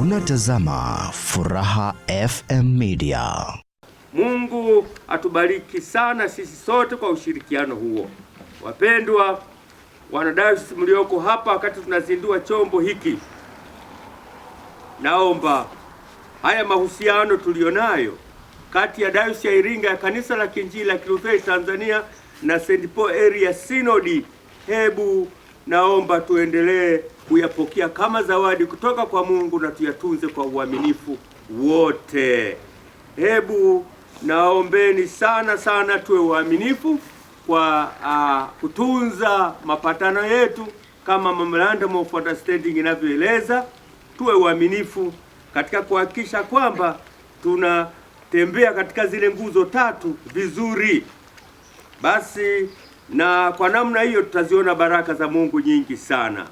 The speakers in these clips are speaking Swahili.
Unatazama Furaha FM Media. Mungu atubariki sana sisi sote kwa ushirikiano huo. Wapendwa wanadayosisi mlioko hapa, wakati tunazindua chombo hiki, naomba haya mahusiano tuliyonayo kati ya dayosisi ya Iringa ya Kanisa la Kinjili la Kilutheri Tanzania na St. Paul Area Synod, hebu naomba tuendelee kuyapokea kama zawadi kutoka kwa Mungu na tuyatunze kwa uaminifu wote. Hebu naombeni sana sana tuwe waaminifu kwa uh, kutunza mapatano yetu kama memorandum of understanding inavyoeleza. Tuwe waaminifu katika kuhakikisha kwamba tunatembea katika zile nguzo tatu vizuri. Basi na kwa namna hiyo tutaziona baraka za Mungu nyingi sana.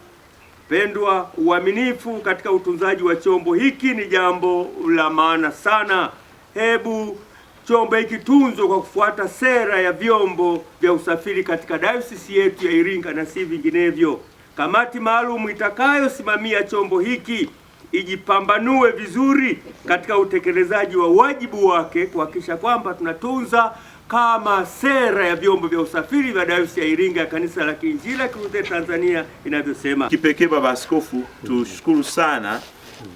Pendwa, uaminifu katika utunzaji wa chombo hiki ni jambo la maana sana. Hebu chombo hiki tunzwe kwa kufuata sera ya vyombo vya usafiri katika dayosisi yetu ya Iringa na si vinginevyo. Kamati maalum itakayosimamia chombo hiki ijipambanue vizuri katika utekelezaji wa wajibu wake kuhakikisha kwamba tunatunza kama sera ya vyombo vya usafiri vya Dayosisi ya Iringa ya Kanisa la Kiinjili la Kilutheri Tanzania inavyosema. Kipekee Baba Askofu, tushukuru sana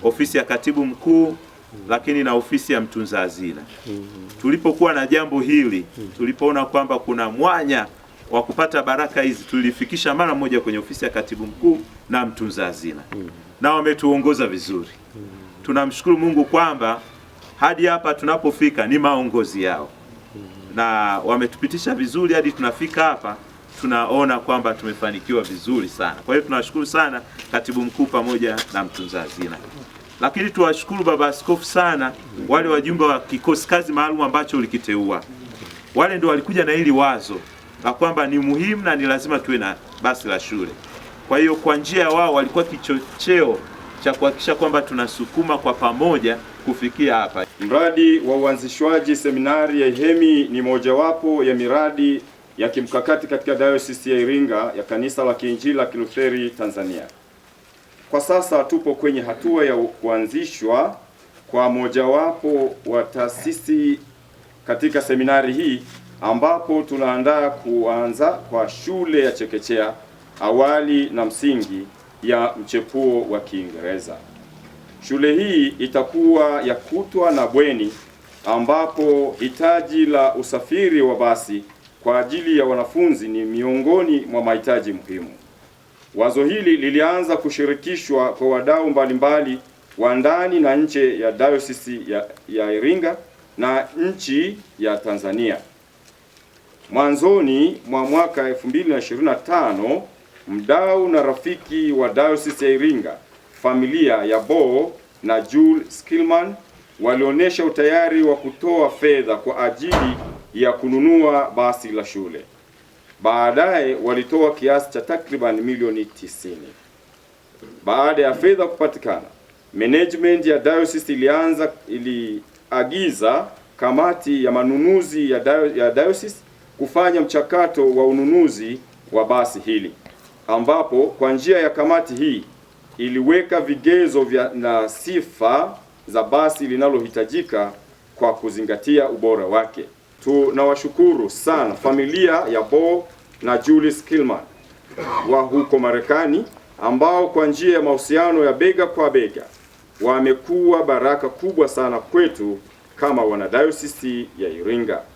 ofisi ya katibu mkuu lakini na ofisi ya mtunza hazina. Tulipokuwa na jambo hili, tulipoona kwamba kuna mwanya wa kupata baraka hizi, tulifikisha mara moja kwenye ofisi ya katibu mkuu na mtunza hazina, na wametuongoza vizuri. Tunamshukuru Mungu kwamba hadi hapa tunapofika ni maongozi yao na wametupitisha vizuri hadi tunafika hapa, tunaona kwamba tumefanikiwa vizuri sana. Kwa hiyo tunawashukuru sana katibu mkuu pamoja na mtunza hazina, lakini tuwashukuru baba askofu sana wale wajumbe wa kikosi kazi maalum ambacho ulikiteua. Wale ndio walikuja na hili wazo la kwamba ni muhimu na ni lazima tuwe na basi la shule. Kwa hiyo kwa njia wao walikuwa kichocheo cha kuhakikisha kwamba tunasukuma kwa pamoja kufikia hapa. Mradi wa uanzishwaji seminari ya IHEMI ni mojawapo ya miradi ya kimkakati katika Dayosisi ya Iringa ya Kanisa la Kiinjili la Kilutheri Tanzania. Kwa sasa tupo kwenye hatua ya kuanzishwa kwa mojawapo wa taasisi katika seminari hii ambapo tunaandaa kuanza kwa shule ya chekechea, awali na msingi ya mchepuo wa Kiingereza. Shule hii itakuwa ya kutwa na bweni, ambapo hitaji la usafiri wa basi kwa ajili ya wanafunzi ni miongoni mwa mahitaji muhimu. Wazo hili lilianza kushirikishwa kwa wadau mbalimbali wa ndani na nje ya Dayosisi ya, ya Iringa na nchi ya Tanzania. Mwanzoni mwa mwaka 2025 mdau na rafiki wa Diocese ya Iringa, familia ya bo na jul Skillman walionyesha utayari wa kutoa fedha kwa ajili ya kununua basi la shule. Baadaye walitoa kiasi cha takriban milioni 90. Baada ya fedha kupatikana, management ya diocese ilianza iliagiza kamati ya manunuzi ya diocese kufanya mchakato wa ununuzi wa basi hili ambapo kwa njia ya kamati hii iliweka vigezo vya na sifa za basi linalohitajika kwa kuzingatia ubora wake. Tunawashukuru sana familia ya Bo na Julius Kilman wa huko Marekani ambao kwa njia ya mahusiano ya bega kwa bega wamekuwa baraka kubwa sana kwetu kama wanadayosisi ya Iringa.